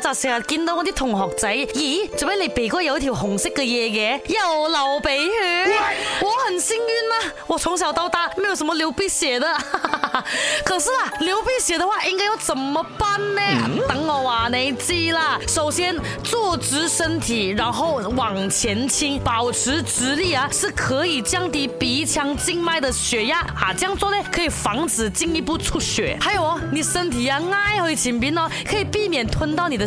就成日見到我啲同學仔，咦，做咩你鼻哥有一條紅色嘅嘢嘅，又流鼻血？My 我很幸運啊，我從小到大沒有什麼流鼻血的。 可是啊，流鼻血的話應該要怎麼辦呢？嗯、等我話你知啦。首先坐直身體，然後往前傾，保持直立啊，是可以降低鼻腔靜脈的血壓啊。這樣做呢，可以防止進一步出血。還有哦，你身體啊挨回前面哦，可以避免吞到你的。